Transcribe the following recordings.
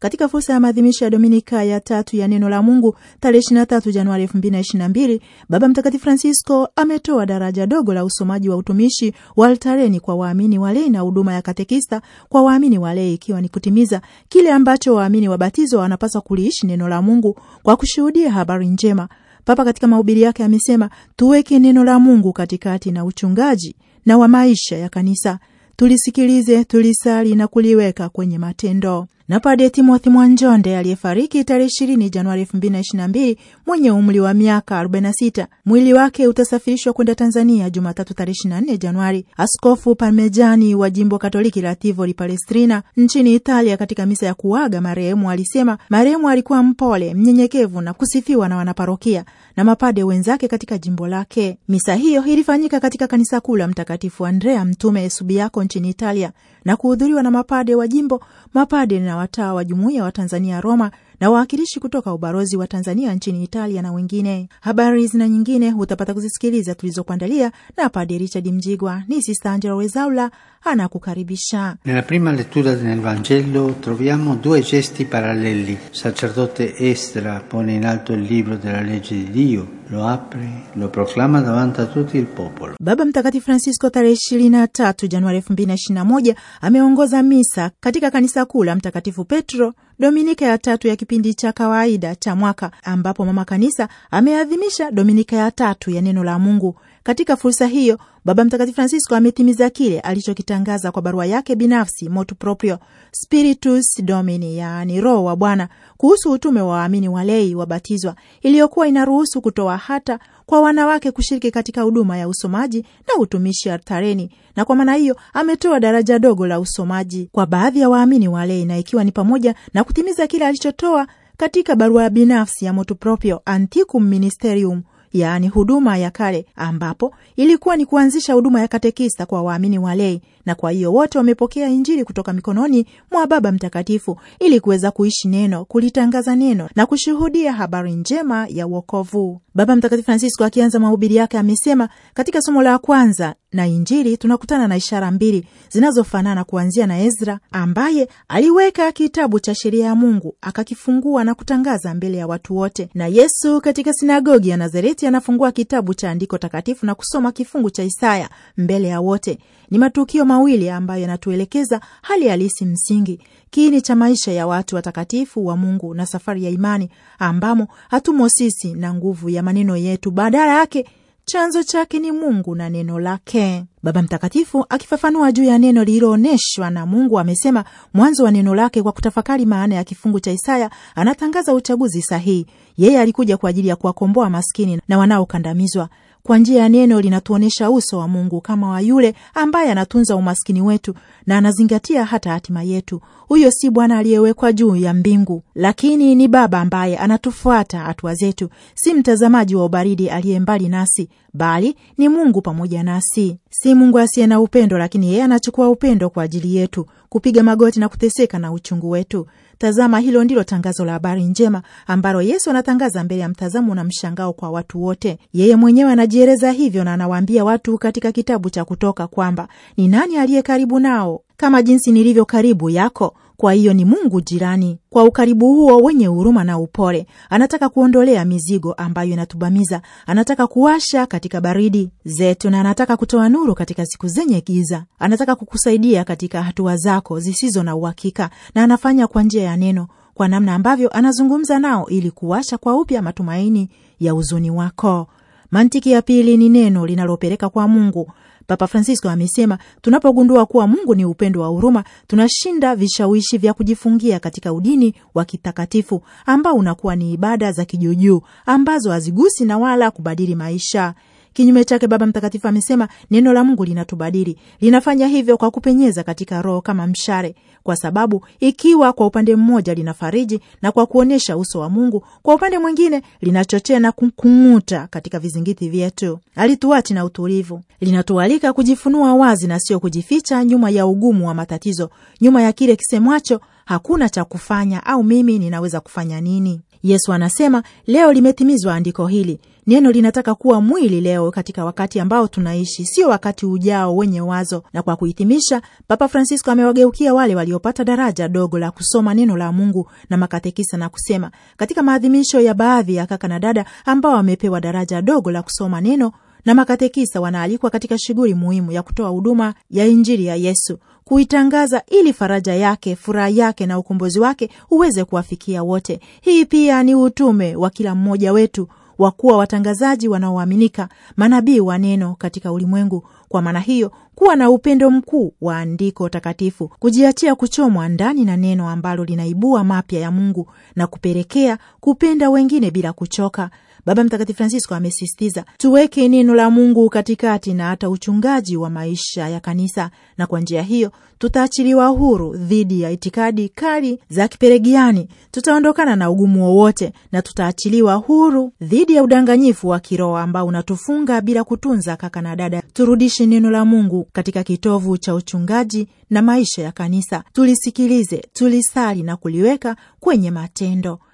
katika fursa ya maadhimisho ya Dominika ya tatu ya neno la Mungu tarehe 23 Januari 2022, Baba Mtakatifu Francisco ametoa daraja dogo la usomaji wa utumishi wa altareni kwa waamini walei na huduma ya katekista kwa waamini walei, ikiwa ni kutimiza kile ambacho waamini wabatizo wanapaswa kuliishi neno la Mungu kwa kushuhudia habari njema. Papa katika mahubiri yake amesema, tuweke neno la Mungu katikati na uchungaji na wa maisha ya kanisa, tulisikilize, tulisali na kuliweka kwenye matendo na Padre Timothy Mwanjonde aliyefariki tarehe ishirini Januari elfu mbili na na mbili mwenye umri wa miaka arobaini na sita. Mwili wake utasafirishwa kwenda Tanzania Jumatatu tarehe ishirini na nne Januari. Askofu Parmejani wa jimbo Katoliki la Tivoli Palestrina nchini Italia, katika misa ya kuaga marehemu alisema marehemu alikuwa mpole, mnyenyekevu na kusifiwa na wanaparokia na mapade wenzake katika jimbo lake. Misa hiyo ilifanyika katika kanisa kuu la Mtakatifu Andrea Mtume Subiaco nchini Italia na kuhudhuriwa na mapade wa jimbo, mapade na watawa wa jumuiya wa Tanzania Roma na wawakilishi kutoka ubalozi wa Tanzania nchini Italia na wengine. Habari zina nyingine utapata kuzisikiliza tulizokuandalia na Padre Richard Mjigwa. Ni Sista Angela Wezaula anakukaribisha. Nella prima lettura nel Vangelo troviamo due gesti paralleli. Sacerdote estra pone in alto il libro della legge di Dio lo apre, lo proclama davanti a tutti il popolo. Baba Mtakatifu Francisco tarehe 23 Januari 2021 ameongoza misa katika kanisa kuu la Mtakatifu Petro Dominika ya tatu ya kipindi cha kawaida cha mwaka ambapo mama kanisa ameadhimisha Dominika ya tatu ya neno la Mungu. Katika fursa hiyo Baba Mtakatifu Francisco ametimiza kile alichokitangaza kwa barua yake binafsi motu proprio Spiritus Domini, yaani Roho wa Bwana, kuhusu utume wa waamini walei wabatizwa, iliyokuwa inaruhusu kutoa hata kwa wanawake kushiriki katika huduma ya usomaji na utumishi altareni, na kwa maana hiyo ametoa daraja dogo la usomaji kwa baadhi ya waamini walei, na ikiwa ni pamoja na kutimiza kile alichotoa katika barua binafsi ya motu proprio Antiquum Ministerium yaani huduma ya kale, ambapo ilikuwa ni kuanzisha huduma ya katekista kwa waamini walei, na kwa hiyo wote wamepokea Injili kutoka mikononi mwa Baba Mtakatifu ili kuweza kuishi neno, kulitangaza neno na kushuhudia habari njema ya wokovu. Baba Mtakatifu Francisco akianza mahubiri yake amesema, katika somo la kwanza na Injili tunakutana na ishara mbili zinazofanana kuanzia na Ezra ambaye aliweka kitabu cha sheria ya Mungu akakifungua na kutangaza mbele ya watu wote, na Yesu katika sinagogi ya Nazareti Wakati anafungua kitabu cha andiko takatifu na kusoma kifungu cha Isaya mbele ya wote, ni matukio mawili ambayo yanatuelekeza hali halisi msingi, kiini cha maisha ya watu watakatifu wa Mungu na safari ya imani ambamo hatumo sisi na nguvu ya maneno yetu, badala yake chanzo chake ni Mungu na neno lake. Baba Mtakatifu akifafanua juu ya neno lililoonyeshwa na Mungu amesema mwanzo wa neno lake, kwa kutafakari maana ya kifungu cha Isaya anatangaza uchaguzi sahihi, yeye alikuja kwa ajili ya kuwakomboa maskini na wanaokandamizwa. Kwa njia ya neno linatuonyesha uso wa Mungu kama wa yule ambaye anatunza umaskini wetu na anazingatia hata hatima yetu. Huyo si Bwana aliyewekwa juu ya mbingu, lakini ni Baba ambaye anatufuata hatua zetu, si mtazamaji wa ubaridi aliye mbali nasi, bali ni Mungu pamoja nasi. Si Mungu asiye na upendo, lakini yeye anachukua upendo kwa ajili yetu, kupiga magoti na kuteseka na uchungu wetu. Tazama, hilo ndilo tangazo la habari njema ambalo Yesu anatangaza mbele ya mtazamo na mshangao kwa watu wote. Yeye mwenyewe anajieleza hivyo na anawaambia watu katika kitabu cha Kutoka kwamba ni nani aliye karibu nao, kama jinsi nilivyo karibu yako. Kwa hiyo ni Mungu jirani. Kwa ukaribu huo wenye huruma na upole, anataka kuondolea mizigo ambayo inatubamiza, anataka kuwasha katika baridi zetu, na anataka kutoa nuru katika siku zenye giza. Anataka kukusaidia katika hatua zako zisizo na uhakika, na anafanya kwa njia ya neno, kwa namna ambavyo anazungumza nao ili kuwasha kwa upya matumaini ya huzuni wako. Mantiki ya pili ni neno linalopeleka kwa Mungu Papa Francisco amesema tunapogundua kuwa Mungu ni upendo wa huruma, tunashinda vishawishi vya kujifungia katika udini wa kitakatifu ambao unakuwa ni ibada za kijuujuu ambazo hazigusi na wala kubadili maisha. Kinyume chake, Baba Mtakatifu amesema neno la Mungu linatubadili, linafanya hivyo kwa kupenyeza katika Roho kama mshare kwa sababu ikiwa kwa upande mmoja linafariji na kwa kuonyesha uso wa Mungu, kwa upande mwingine linachochea na kukung'uta katika vizingiti vyetu, alituachi na utulivu. Linatualika kujifunua wazi na sio kujificha nyuma ya ugumu wa matatizo, nyuma ya kile kisemwacho hakuna cha kufanya au mimi ninaweza kufanya nini. Yesu anasema leo limetimizwa andiko hili, Neno linataka kuwa mwili leo katika wakati ambao tunaishi, sio wakati ujao wenye wazo. Na kwa kuhitimisha, Papa Francisco amewageukia wale waliopata daraja dogo la kusoma neno la Mungu na makatekisa na kusema, katika maadhimisho ya baadhi ya kaka na dada ambao wamepewa daraja dogo la kusoma neno na makatekisa wanaalikwa katika shughuli muhimu ya kutoa huduma ya Injili ya Yesu, kuitangaza ili faraja yake, furaha yake na ukombozi wake uweze kuwafikia wote. Hii pia ni utume wa kila mmoja wetu wa kuwa watangazaji wanaoaminika, manabii wa neno katika ulimwengu. Kwa maana hiyo, kuwa na upendo mkuu wa andiko takatifu, kujiachia kuchomwa ndani na neno ambalo linaibua mapya ya Mungu na kupelekea kupenda wengine bila kuchoka Baba Mtakatifu Francisco amesisitiza tuweke neno la Mungu katikati na hata uchungaji wa maisha ya kanisa, na kwa njia hiyo tutaachiliwa huru dhidi ya itikadi kali za kiperegiani, tutaondokana na ugumu wowote na tutaachiliwa huru dhidi ya udanganyifu wa kiroho ambao unatufunga bila kutunza. Kaka na dada, turudishe neno la Mungu katika kitovu cha uchungaji na maisha ya kanisa, tulisikilize, tulisali na kuliweka kwenye matendo.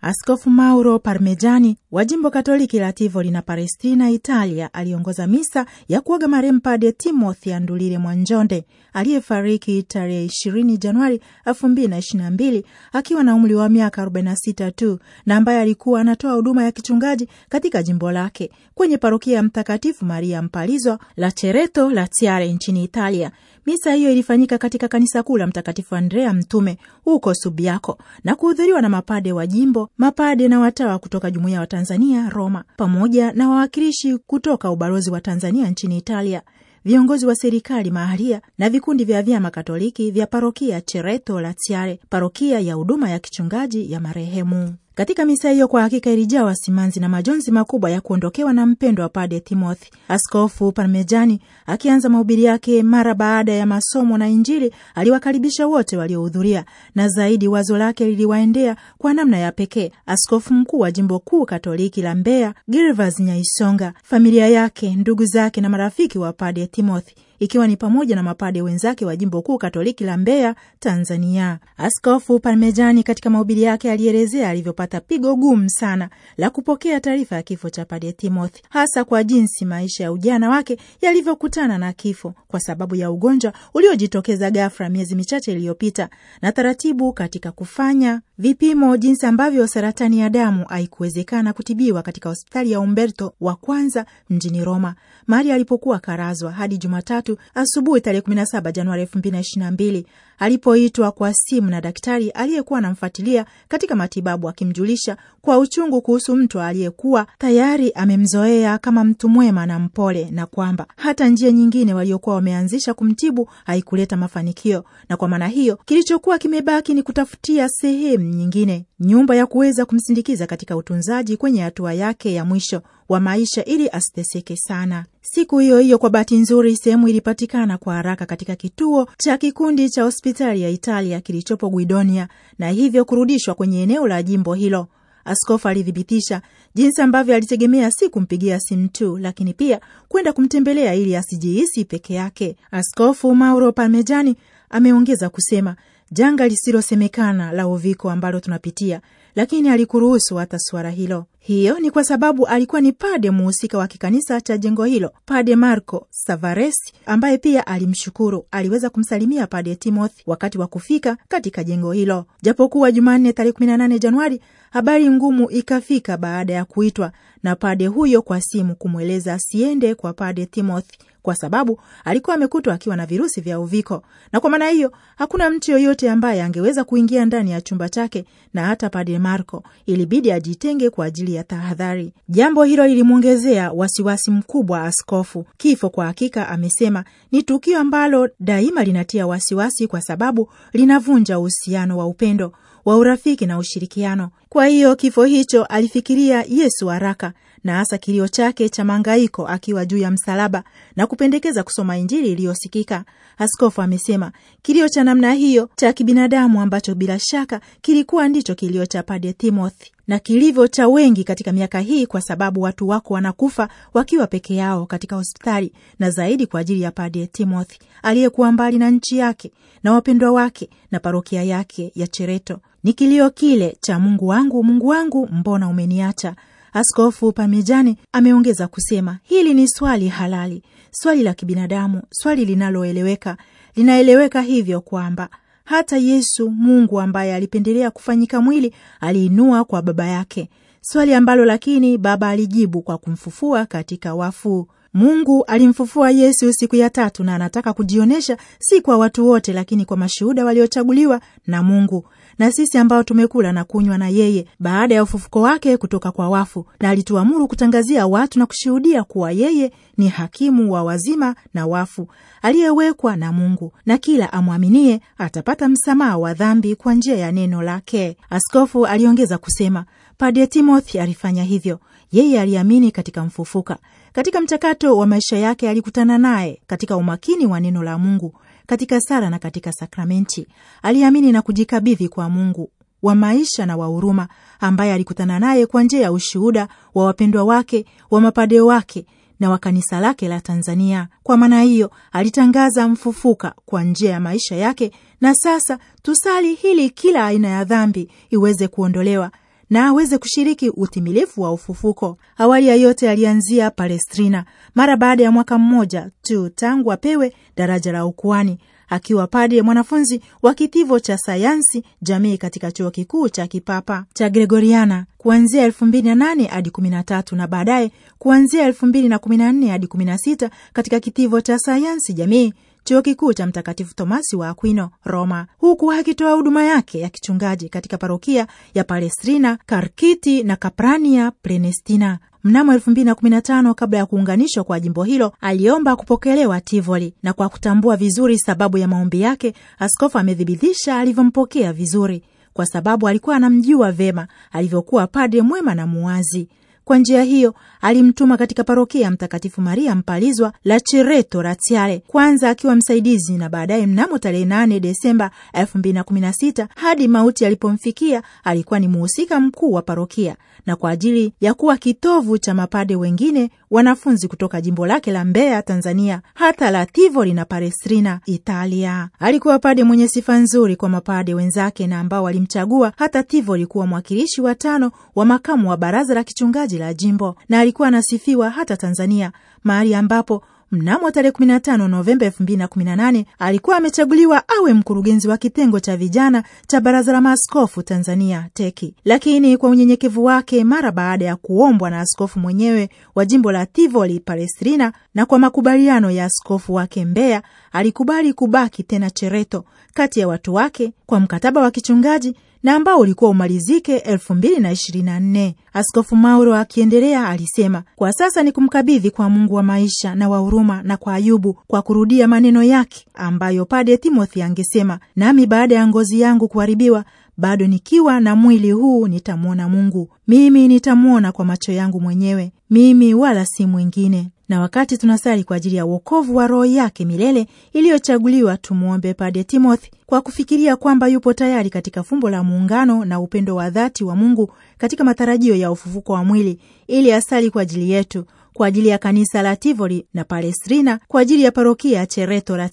Askofu Mauro Parmejani wa jimbo Katoliki la Tivoli na Palestina, Italia, aliongoza misa ya kuaga marehemu Padre Timothy Andulile Mwanjonde aliyefariki tarehe 20 Januari 2022 akiwa na umri wa miaka 46 tu na ambaye alikuwa anatoa huduma ya kichungaji katika jimbo lake kwenye parokia ya Mtakatifu Maria Mpalizwa la Chereto la Tiare nchini Italia Misa hiyo ilifanyika katika kanisa kuu la Mtakatifu Andrea Mtume huko Subiaco na kuhudhuriwa na mapade wa jimbo, mapade na watawa kutoka jumuiya wa Tanzania Roma, pamoja na wawakilishi kutoka ubalozi wa Tanzania nchini Italia, viongozi wa serikali mahalia na vikundi vya vyama Katoliki vya parokia Cereto Laziale, parokia ya huduma ya kichungaji ya marehemu. Katika misa hiyo kwa hakika ilijaa wasimanzi na majonzi makubwa ya kuondokewa na mpendwa wa Pade Timothy. Askofu Parmejani akianza mahubiri yake mara baada ya masomo na Injili, aliwakaribisha wote waliohudhuria, na zaidi wazo lake liliwaendea kwa namna ya pekee askofu mkuu wa jimbo kuu katoliki la Mbeya, Gervas Nyaisonga, familia yake, ndugu zake na marafiki wa Pade Timothy ikiwa ni pamoja na mapade wenzake wa jimbo kuu katoliki la Mbeya, Tanzania. Askofu Parmejani katika mahubiri yake alielezea alivyopata pigo gumu sana la kupokea taarifa ya kifo cha Pade Timothy, hasa kwa jinsi maisha ya ujana wake yalivyokutana na kifo kwa sababu ya ugonjwa uliojitokeza ghafla miezi michache iliyopita, na taratibu katika kufanya vipimo, jinsi ambavyo saratani ya damu haikuwezekana kutibiwa katika hospitali ya Umberto wa kwanza mjini Roma, mahali alipokuwa karazwa hadi Jumatatu tatu asubuhi tarehe 17 Januari 2022 alipoitwa kwa simu na daktari aliyekuwa anamfuatilia katika matibabu, akimjulisha kwa uchungu kuhusu mtu aliyekuwa tayari amemzoea kama mtu mwema na mpole, na kwamba hata njia nyingine waliokuwa wameanzisha kumtibu haikuleta mafanikio, na kwa maana hiyo kilichokuwa kimebaki ni kutafutia sehemu nyingine, nyumba ya kuweza kumsindikiza katika utunzaji kwenye hatua yake ya mwisho wa maisha ili asiteseke sana. Siku hiyo hiyo, kwa bahati nzuri, sehemu ilipatikana kwa haraka katika kituo cha kikundi cha hospitali ya Italia kilichopo Guidonia, na hivyo kurudishwa kwenye eneo la jimbo hilo. Askofu alithibitisha jinsi ambavyo alitegemea si kumpigia simu tu, lakini pia kwenda kumtembelea ili asijihisi peke yake. Askofu Mauro Parmejani ameongeza kusema janga lisilosemekana la uviko ambalo tunapitia lakini alikuruhusu hata swala hilo. Hiyo ni kwa sababu alikuwa ni pade muhusika wa kikanisa cha jengo hilo, Pade Marco Savaresi, ambaye pia alimshukuru aliweza kumsalimia Pade Timothy wakati wa kufika katika jengo hilo, japokuwa Jumanne tarehe 18 Januari habari ngumu ikafika baada ya kuitwa na pade huyo kwa simu kumweleza asiende kwa pade Timothy kwa sababu alikuwa amekutwa akiwa na virusi vya uviko, na kwa maana hiyo hakuna mtu yoyote ambaye angeweza kuingia ndani ya chumba chake, na hata pade Marco ilibidi ajitenge kwa ajili ya tahadhari. Jambo hilo lilimwongezea wasiwasi mkubwa askofu. Kifo kwa hakika, amesema, ni tukio ambalo daima linatia wasiwasi, kwa sababu linavunja uhusiano wa upendo wa urafiki na ushirikiano. Kwa hiyo kifo hicho alifikiria Yesu haraka na hasa kilio chake cha mangaiko akiwa juu ya msalaba na kupendekeza kusoma Injili iliyosikika. Askofu amesema kilio cha namna hiyo cha kibinadamu ambacho bila shaka kilikuwa ndicho kilio cha Padre Timothy na kilivyo cha wengi katika miaka hii, kwa sababu watu wako wanakufa wakiwa peke yao katika hospitali, na zaidi kwa ajili ya Padre Timothy aliyekuwa mbali na nchi yake na wapendwa wake na parokia yake ya Chereto. Ni kilio kile cha Mungu wangu, Mungu wangu, mbona umeniacha? Askofu Pamejani ameongeza kusema hili ni swali halali, swali la kibinadamu, swali linaloeleweka. Linaeleweka hivyo kwamba hata Yesu Mungu ambaye alipendelea kufanyika mwili aliinua kwa Baba yake, swali ambalo lakini Baba alijibu kwa kumfufua katika wafu. Mungu alimfufua Yesu siku ya tatu, na anataka kujionyesha si kwa watu wote, lakini kwa mashuhuda waliochaguliwa na Mungu na sisi ambao tumekula na kunywa na yeye baada ya ufufuko wake kutoka kwa wafu, na alituamuru kutangazia watu na kushuhudia kuwa yeye ni hakimu wa wazima na wafu, aliyewekwa na Mungu, na kila amwaminie atapata msamaha wa dhambi kwa njia ya neno lake. Askofu aliongeza kusema, Padre Timothy alifanya hivyo. Yeye aliamini katika mfufuka. Katika mchakato wa maisha yake alikutana naye katika umakini wa neno la Mungu katika sala na katika sakramenti. Aliamini na kujikabidhi kwa Mungu wa maisha na wa huruma, ambaye alikutana naye kwa njia ya ushuhuda wa wapendwa wake, wa mapadeo wake na wa kanisa lake la Tanzania. Kwa maana hiyo, alitangaza mfufuka kwa njia ya maisha yake, na sasa tusali hili kila aina ya dhambi iweze kuondolewa na aweze kushiriki utimilifu wa ufufuko. Awali ya yote alianzia Palestrina mara baada ya mwaka mmoja tu tangu apewe daraja la ukuani akiwa padre mwanafunzi wa kitivo cha sayansi jamii katika chuo kikuu cha kipapa cha Gregoriana kuanzia elfu mbili na nane hadi kumi na tatu na baadaye kuanzia elfu mbili na kumi na nne hadi kumi na sita katika kitivo cha sayansi jamii chuo kikuu cha Mtakatifu Tomasi wa Aquino, Roma, huku akitoa huduma yake ya kichungaji katika parokia ya Palestrina, Karkiti na Kaprania Prenestina. Mnamo 2015 kabla ya kuunganishwa kwa jimbo hilo, aliomba kupokelewa Tivoli, na kwa kutambua vizuri sababu ya maombi yake, askofu amethibitisha alivyompokea vizuri, kwa sababu alikuwa anamjua vema alivyokuwa padre mwema na muwazi. Kwa njia hiyo alimtuma katika parokia ya Mtakatifu Maria Mpalizwa la Chireto ratiale kwanza akiwa msaidizi na baadaye mnamo tarehe 8 Desemba 2016 hadi mauti alipomfikia alikuwa ni muhusika mkuu wa parokia, na kwa ajili ya kuwa kitovu cha mapade wengine wanafunzi kutoka jimbo lake la Mbeya, Tanzania, hata la Tivoli na Palestrina, Italia. Alikuwa pade mwenye sifa nzuri kwa mapade wenzake na ambao walimchagua hata Tivoli kuwa mwakilishi wa tano wa makamu wa baraza la kichungaji la jimbo, na alikuwa anasifiwa hata Tanzania, mahali ambapo mnamo tarehe 15 Novemba 2018 alikuwa amechaguliwa awe mkurugenzi wa kitengo cha vijana cha Baraza la Maaskofu Tanzania teki Lakini kwa unyenyekevu wake, mara baada ya kuombwa na askofu mwenyewe wa jimbo la Tivoli Palestrina na kwa makubaliano ya askofu wake Mbeya, alikubali kubaki tena Chereto kati ya watu wake kwa mkataba wa kichungaji na ambao ulikuwa umalizike elfu mbili na ishirini na nne. Askofu Mauro akiendelea alisema, kwa sasa ni kumkabidhi kwa Mungu wa maisha na wa huruma na kwa Ayubu, kwa kurudia maneno yake ambayo Pade Timothy angesema, nami baada ya ngozi yangu kuharibiwa bado nikiwa na mwili huu nitamwona Mungu. Mimi nitamwona kwa macho yangu mwenyewe, mimi wala si mwingine na wakati tunasali kwa ajili ya uokovu wa roho yake milele iliyochaguliwa, tumwombe Padre Timothy kwa kufikiria kwamba yupo tayari katika fumbo la muungano na upendo wa dhati wa Mungu katika matarajio ya ufufuko wa mwili, ili asali kwa ajili yetu, kwa ajili ya kanisa la Tivoli na Palestrina, kwa ajili ya parokia ya Chereto la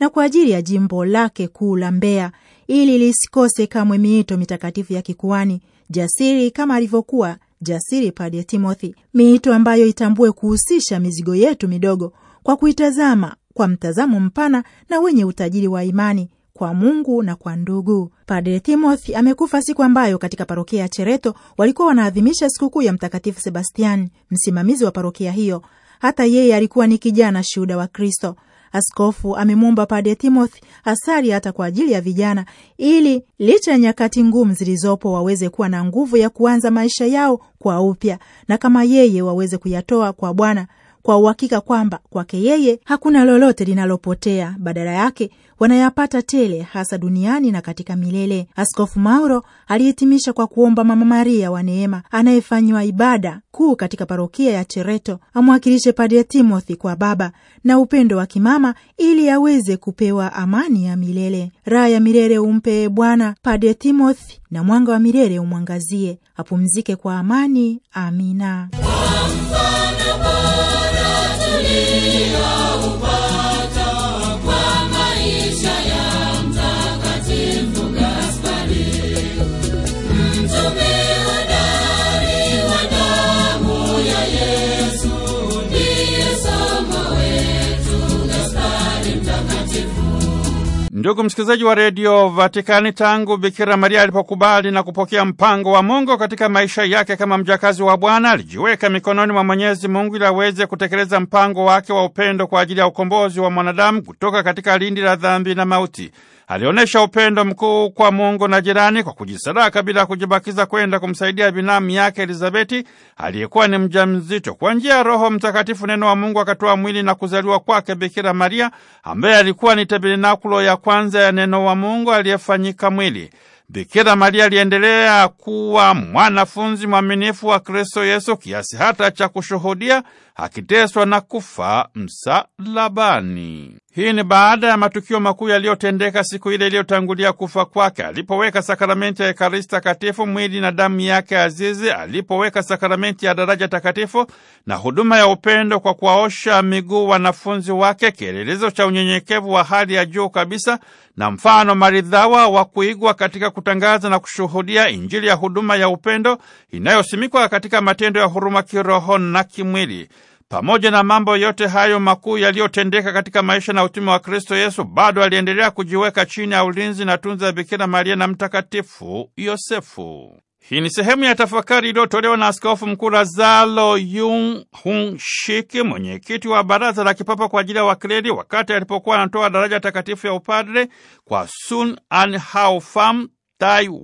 na kwa ajili ya jimbo lake kuu la Mbeya, ili lisikose kamwe miito mitakatifu ya kikuani jasiri kama alivyokuwa jasiri Padre Timothy, miito ambayo itambue kuhusisha mizigo yetu midogo kwa kuitazama kwa mtazamo mpana na wenye utajiri wa imani kwa Mungu na kwa ndugu. Padre Timothy amekufa siku ambayo katika parokia ya Chereto walikuwa wanaadhimisha sikukuu ya Mtakatifu Sebastiani, msimamizi wa parokia hiyo. Hata yeye alikuwa ni kijana shuhuda wa Kristo. Askofu amemwomba Padre Timothy hasari hata kwa ajili ya vijana, ili licha ya nyakati ngumu zilizopo waweze kuwa na nguvu ya kuanza maisha yao kwa upya, na kama yeye waweze kuyatoa kwa Bwana kwa uhakika kwamba kwake yeye hakuna lolote linalopotea, badala yake wanayapata tele, hasa duniani na katika milele. Askofu Mauro alihitimisha kwa kuomba Mama Maria wa Neema anayefanywa ibada kuu katika parokia ya Chereto amwakilishe Padre Timothy kwa Baba na upendo wa kimama, ili aweze kupewa amani ya milele. Raha ya milele umpe Bwana Padre Timothy, na mwanga wa milele umwangazie, apumzike kwa amani. Amina. Lord. Ndugu msikilizaji wa redio Vatikani, tangu Bikira Maria alipokubali na kupokea mpango wa Mungu katika maisha yake kama mjakazi wa Bwana, alijiweka mikononi mwa Mwenyezi Mungu ili aweze kutekeleza mpango wake wa upendo kwa ajili ya ukombozi wa mwanadamu kutoka katika lindi la dhambi na mauti alionyesha upendo mkuu kwa Mungu na jirani kwa kujisadaka bila kujibakiza kwenda kumsaidia binamu yake Elizabeti aliyekuwa ni mjamzito. Kwa njia ya Roho Mtakatifu, neno wa Mungu akatoa mwili na kuzaliwa kwake Bikira Maria, ambaye alikuwa ni tabernakulo ya kwanza ya neno wa Mungu aliyefanyika mwili. Bikira Maria aliendelea kuwa mwanafunzi mwaminifu wa Kristo Yesu kiasi hata cha kushuhudia akiteswa na kufa msalabani. Hii ni baada ya matukio makuu yaliyotendeka siku ile iliyotangulia kufa kwake, alipoweka sakramenti ya Ekaristi Takatifu, mwili na damu yake azizi, alipoweka sakramenti ya daraja takatifu na huduma ya upendo kwa kuwaosha miguu wanafunzi wake, kielelezo cha unyenyekevu wa hali ya juu kabisa na mfano maridhawa wa kuigwa katika kutangaza na kushuhudia Injili ya huduma ya upendo inayosimikwa katika matendo ya huruma kiroho na kimwili. Pamoja na mambo yote hayo makuu yaliyotendeka katika maisha na utume wa Kristo Yesu, bado aliendelea kujiweka chini ya ulinzi na tunza ya Bikira Maria na Mtakatifu Yosefu. Hii ni sehemu ya tafakari iliyotolewa na Askofu Mkuu razalo Yung Shiki, mwenyekiti wa Baraza la Kipapa kwa ajili ya Wakleri, wakati alipokuwa anatoa daraja takatifu ya upadre kwa Sun An Hao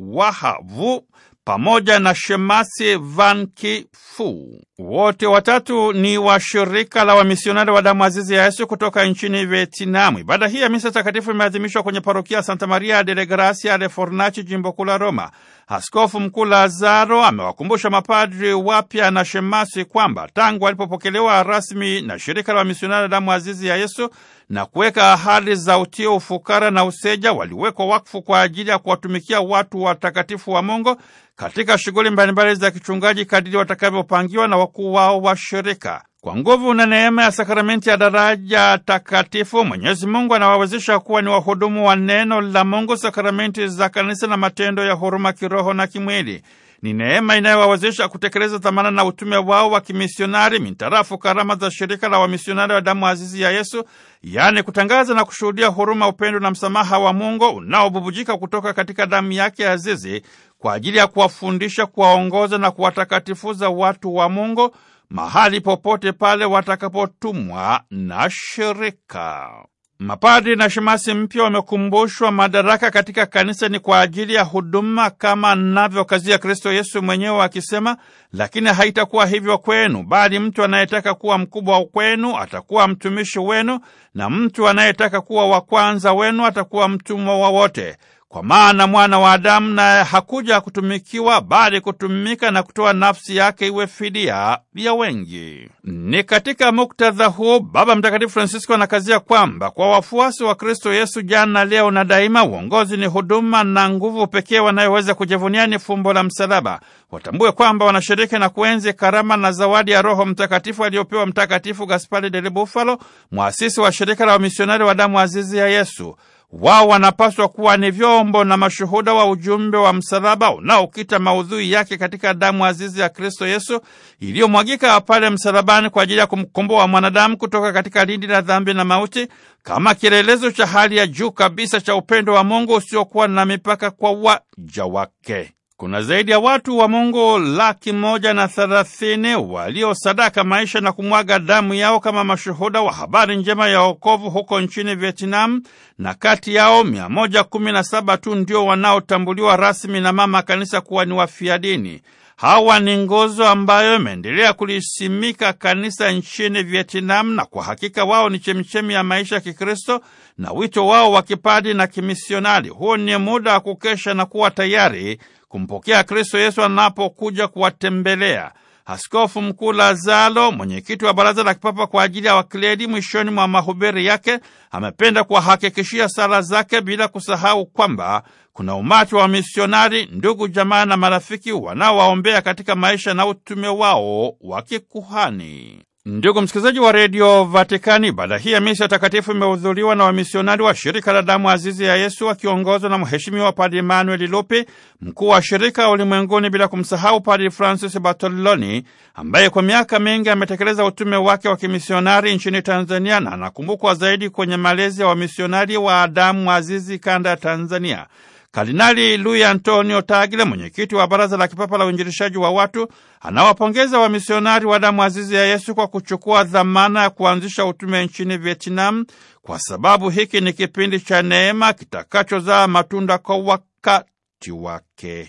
Waha Vu pamoja na Shemasi Van Kifu. Wote watatu ni wa shirika la wamisionari wa damu azizi ya Yesu kutoka nchini Vietnam. Ibada hii ya misa takatifu imeadhimishwa kwenye parokia Santa Maria delle Grazie alle Fornaci, jimbo kuu la Roma. Askofu Mkuu Lazaro amewakumbusha mapadri wapya na shemasi kwamba tangu alipopokelewa rasmi na shirika la wamisionari damu azizi ya Yesu na kuweka ahadi za utio ufukara na useja, waliwekwa wakfu kwa ajili ya kuwatumikia watu watakatifu wa Mungu katika shughuli mbalimbali za kichungaji kadiri watakavyopangiwa na wakuu wao wa shirika. Kwa nguvu na neema ya sakramenti ya daraja takatifu, Mwenyezi Mungu anawawezesha kuwa ni wahudumu wa neno la Mungu, sakramenti za kanisa na matendo ya huruma kiroho na kimwili. Ni neema inayowawezesha kutekeleza dhamana na utume wao wa kimisionari mintarafu karama za shirika la wamisionari wa damu azizi ya Yesu, yaani kutangaza na kushuhudia huruma, upendo na msamaha wa Mungu unaobubujika kutoka katika damu yake azizi, kwa ajili ya kuwafundisha, kuwaongoza na kuwatakatifuza watu wa Mungu mahali popote pale watakapotumwa na shirika. Mapadi na shemasi mpya wamekumbushwa madaraka katika kanisa ni kwa ajili ya huduma kama ya Kristo Yesu mwenyewe akisema, lakini haitakuwa hivyo kwenu, bali mtu anayetaka kuwa mkubwa kwenu atakuwa mtumishi wenu, na mtu anayetaka kuwa wa kwanza wenu atakuwa mtumwa wa wote. Kwa maana mwana wa Adamu naye hakuja kutumikiwa, bali kutumika na kutoa nafsi yake iwe fidia ya wengi. Ni katika muktadha huu Baba Mtakatifu Francisco anakazia kwamba kwa wafuasi wa Kristo Yesu jana, leo na daima, uongozi ni huduma na nguvu pekee wanayoweza kujivunia ni fumbo la msalaba. Watambue kwamba wanashiriki na kuenzi karama na zawadi ya Roho Mtakatifu aliyopewa Mtakatifu Gaspari del Bufalo, mwasisi wa shirika la wamisionari wa damu azizi ya Yesu wao wanapaswa kuwa ni vyombo na mashuhuda wa ujumbe wa msalaba unaokita maudhui yake katika damu azizi ya Kristo Yesu iliyomwagika pale msalabani kwa ajili ya kumkomboa mwanadamu kutoka katika lindi la dhambi na mauti, kama kielelezo cha hali ya juu kabisa cha upendo wa Mungu usiokuwa na mipaka kwa waja wake kuna zaidi ya watu wa Mungu laki moja na thelathini waliosadaka maisha na kumwaga damu yao kama mashuhuda wa habari njema ya wokovu huko nchini Vietnam, na kati yao 117 tu ndio wanaotambuliwa rasmi na mama kanisa kuwa ni wafia dini. Hawa ni nguzo ambayo imeendelea kulisimika kanisa nchini Vietnam, na kwa hakika wao ni chemichemi ya maisha ya Kikristo na wito wao wa kipadi na kimisionari. huo ni muda wa kukesha na kuwa tayari kumpokea Kristo Yesu anapokuja kuwatembelea. Askofu Mkuu Lazaro, mwenyekiti wa Baraza la Kipapa kwa ajili ya Wakleli, mwishoni mwa mahubiri yake amependa kuwahakikishia sala zake bila kusahau kwamba kuna umati wa misionari, ndugu, jamaa na marafiki wanaowaombea katika maisha na utume wao wa kikuhani. Ndugu msikilizaji wa redio Vatikani, ibada hii ya misa takatifu imehudhuriwa na wamisionari wa shirika la damu azizi ya Yesu wakiongozwa na mheshimiwa padri Emmanuel Lupi, mkuu wa shirika ulimwenguni, bila kumsahau padri Francis Bartoloni ambaye kwa miaka mingi ametekeleza utume wake wa kimisionari nchini Tanzania na anakumbukwa zaidi kwenye malezi ya wamisionari wa damu azizi kanda ya Tanzania. Kardinali Luis Antonio Tagle, mwenyekiti wa Baraza la Kipapa la Uinjilishaji wa Watu, anawapongeza wamisionari wa damu azizi ya Yesu kwa kuchukua dhamana ya kuanzisha utume nchini Vietnam, kwa sababu hiki ni kipindi cha neema kitakachozaa matunda kwa wakati wake.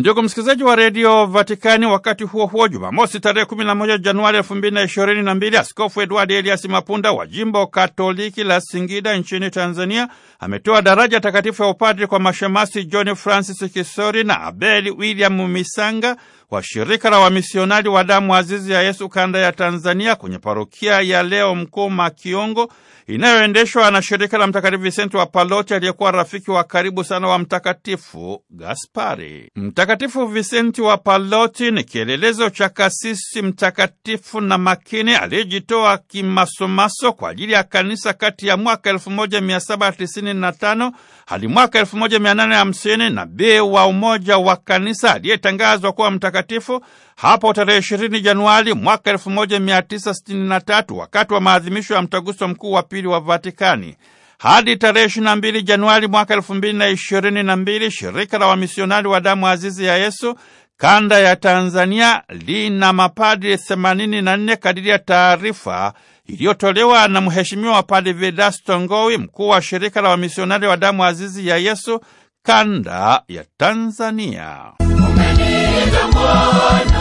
Ndugu msikilizaji wa redio Vatikani, wakati huo huo, Jumamosi tarehe 11 Januari 2022, Askofu Edward Elias Mapunda wa jimbo Katoliki la Singida nchini Tanzania ametoa daraja takatifu ya upadri kwa mashemasi John Francis Kisori na Abel William Misanga shirika la wamisionari wa damu azizi ya Yesu kanda ya Tanzania kwenye parokia ya Leo Mkuu Makiongo inayoendeshwa na shirika la Mtakatifu Visenti wa Paloti aliyekuwa rafiki wa karibu sana wa Mtakatifu Gaspari. Mtakatifu Visenti wa Paloti ni kielelezo cha kasisi mtakatifu na makini aliyejitoa kimasomaso kwa ajili ya kanisa kati ya mwaka 1795 hadi mwaka 1850, nabii wa umoja wa kanisa aliyetangazwa kuwa mtakatifu Mtakatifu hapo tarehe ishirini Januari mwaka elfu moja mia tisa sitini na tatu wakati wa maadhimisho ya mtaguso mkuu wa pili wa Vatikani hadi tarehe 22 Januari mwaka mbili shirika la wamisionari wa damu azizi ya Yesu kanda ya Tanzania lina mapadri 84 kadiri ya taarifa iliyotolewa na Mheshimiwa Padri Vedasto Ngowi, mkuu wa shirika la wamisionari wa damu azizi ya Yesu kanda ya Tanzania. Ambon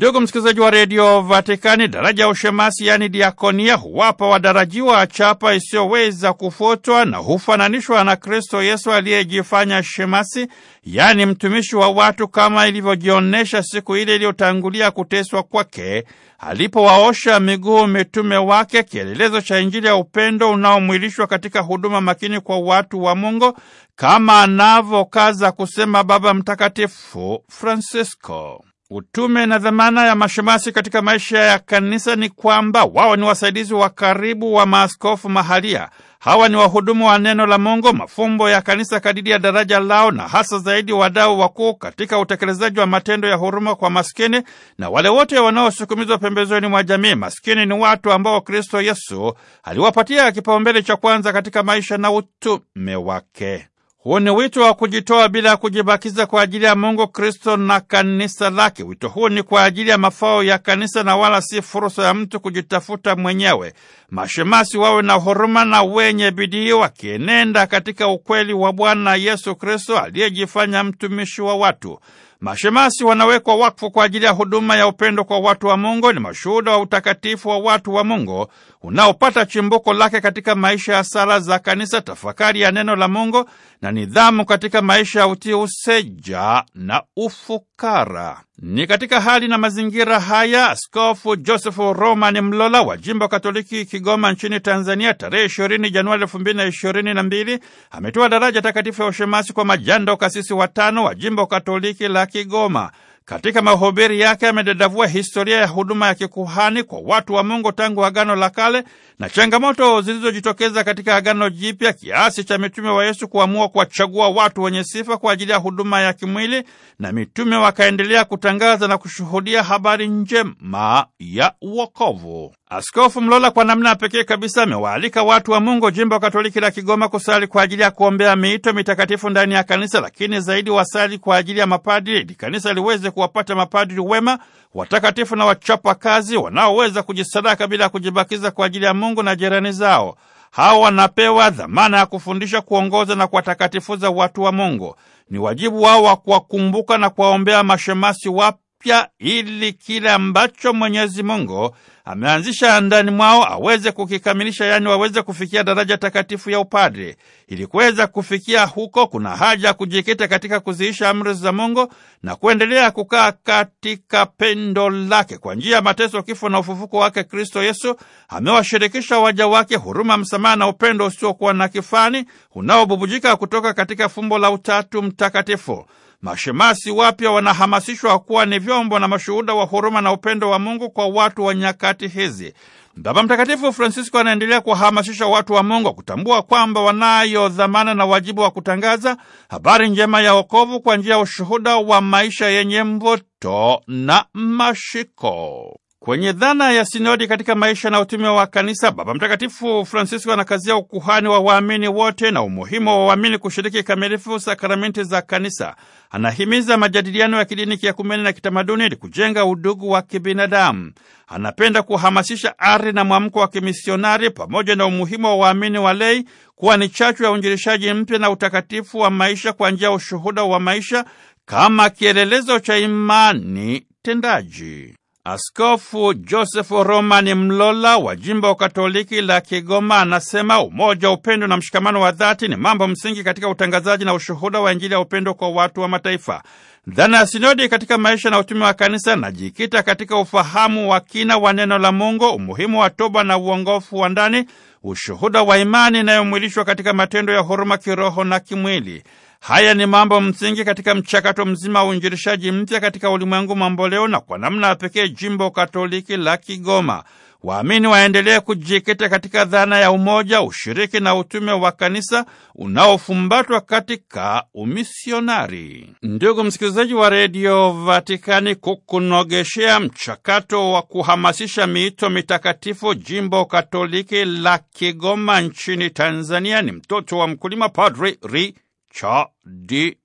Ndugu msikilizaji wa redio Vatikani, daraja ya ushemasi yaani diakonia huwapa wadarajiwa chapa isiyoweza kufutwa na hufananishwa na Kristo Yesu aliyejifanya shemasi, yaani mtumishi wa watu, kama ilivyojionyesha siku ile iliyotangulia kuteswa kwake alipowaosha miguu mitume wake, kielelezo cha Injili ya upendo unaomwilishwa katika huduma makini kwa watu wa Mungu, kama anavyokaza kusema Baba Mtakatifu Francisco. Utume na dhamana ya mashemasi katika maisha ya kanisa ni kwamba wao ni wasaidizi wa karibu wa maaskofu mahalia. Hawa ni wahudumu wa neno la Mungu, mafumbo ya kanisa kadiri ya daraja lao, na hasa zaidi wadau wakuu katika utekelezaji wa matendo ya huruma kwa maskini na wale wote wanaosukumizwa pembezoni mwa jamii. Maskini ni watu ambao Kristo Yesu aliwapatia kipaumbele cha kwanza katika maisha na utume wake. Huu ni wito wa kujitoa bila kujibakiza kwa ajili ya Mungu, Kristo na kanisa lake. Wito huu ni kwa ajili ya mafao ya kanisa na wala si fursa ya mtu kujitafuta mwenyewe. Mashemasi wawe na huruma na wenye bidii, wakienenda katika ukweli wa Bwana Yesu Kristo aliyejifanya mtumishi wa watu. Mashemasi wanawekwa wakfu kwa ajili ya huduma ya upendo kwa watu wa Mungu. Ni mashuhuda wa utakatifu wa watu wa Mungu unaopata chimbuko lake katika maisha ya sala za kanisa, tafakari ya neno la Mungu na nidhamu katika maisha ya utii, useja na ufukara. Ni katika hali na mazingira haya Askofu joseph Roman Mlola wa jimbo Katoliki Kigoma nchini Tanzania tarehe 20 Januari 2022 na ametoa daraja takatifu ya ushemasi kwa majando kasisi watano wa jimbo Katoliki la Kigoma. Katika mahubiri yake amedadavua historia ya huduma ya kikuhani kwa watu wa Mungu tangu Agano la Kale na changamoto zilizojitokeza katika Agano Jipya, kiasi cha mitume wa Yesu kuamua kuwachagua watu wenye sifa kwa ajili ya huduma ya kimwili, na mitume wakaendelea kutangaza na kushuhudia habari njema ya wokovu. Askofu Mlola kwa namna ya pekee kabisa amewaalika watu wa Mungu jimbo Katoliki la Kigoma kusali kwa ajili ya kuombea miito mitakatifu ndani ya kanisa, lakini zaidi wasali kwa ajili ya mapadiri, ili kanisa liweze kuwapata mapadiri wema, watakatifu na wachapa kazi, wanaoweza kujisadaka bila kujibakiza kwa ajili ya Mungu na jirani zao. Hawa wanapewa dhamana ya kufundisha, kuongoza na kuwatakatifuza watu wa Mungu. Ni wajibu wao wa kuwakumbuka na kuwaombea mashemasi wapya upya ili kile ambacho Mwenyezi Mungu ameanzisha ndani mwao aweze kukikamilisha, yaani waweze kufikia daraja takatifu ya upadre. Ili kuweza kufikia huko, kuna haja ya kujikita katika kuziisha amri za Mungu na kuendelea kukaa katika pendo lake. Kwa njia ya mateso, kifo na ufufuko wake, Kristo Yesu amewashirikisha waja wake huruma, msamaha na upendo usiokuwa na kifani unaobubujika kutoka katika fumbo la Utatu Mtakatifu. Mashemasi wapya wanahamasishwa kuwa ni vyombo na mashuhuda wa huruma na upendo wa Mungu kwa watu wa nyakati hizi. Baba Mtakatifu Francisco anaendelea kuwahamasisha watu wa Mungu kutambua kwamba wanayo dhamana na wajibu wa kutangaza habari njema ya wokovu kwa njia ya ushuhuda wa maisha yenye mvuto na mashiko. Kwenye dhana ya sinodi katika maisha na utume wa kanisa, Baba Mtakatifu Francisco anakazia ukuhani wa waamini wote na umuhimu wa waamini kushiriki kikamilifu sakramenti za kanisa. Anahimiza majadiliano ya kidini, kiakumeni na kitamaduni ili kujenga udugu wa kibinadamu. Anapenda kuhamasisha ari na mwamko wa kimisionari pamoja na umuhimu wa waamini walei kuwa ni chachu ya uinjilishaji mpya na utakatifu wa maisha kwa njia ya ushuhuda wa maisha kama kielelezo cha imani tendaji. Askofu Josefu Roman Mlola wa jimbo wa Katoliki la Kigoma anasema umoja, upendo na mshikamano wa dhati ni mambo msingi katika utangazaji na ushuhuda wa Injili ya upendo kwa watu wa mataifa. Dhana ya sinodi katika maisha na utumi wa kanisa najikita katika ufahamu wa kina wa neno la Mungu, umuhimu wa toba na uongofu wa ndani, ushuhuda wa imani inayomwilishwa katika matendo ya huruma kiroho na kimwili. Haya ni mambo msingi katika mchakato mzima wa uinjilishaji mpya katika ulimwengu mamboleo, na kwa namna pekee jimbo Katoliki la Kigoma waamini waendelee kujikita katika dhana ya umoja, ushiriki na utume wa kanisa unaofumbatwa katika umisionari. Ndugu msikilizaji wa redio Vatikani, kukunogeshea mchakato wa kuhamasisha miito mitakatifu jimbo katoliki la Kigoma nchini Tanzania ni mtoto wa mkulima Padri Ri cha di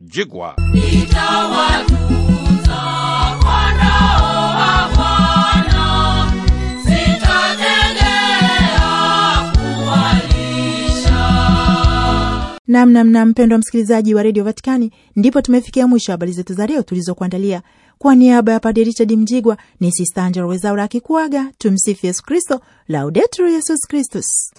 mjigwa. wa mpendwa msikilizaji wa redio Vatikani, ndipo tumefikia mwisho habari zetu za leo tulizokuandalia. Kwa niaba ya Padre Richard Mjigwa ni Sista Angela Wezaura akikuaga. Tumsifu Yesu Kristo, Laudetur Yesus Kristus.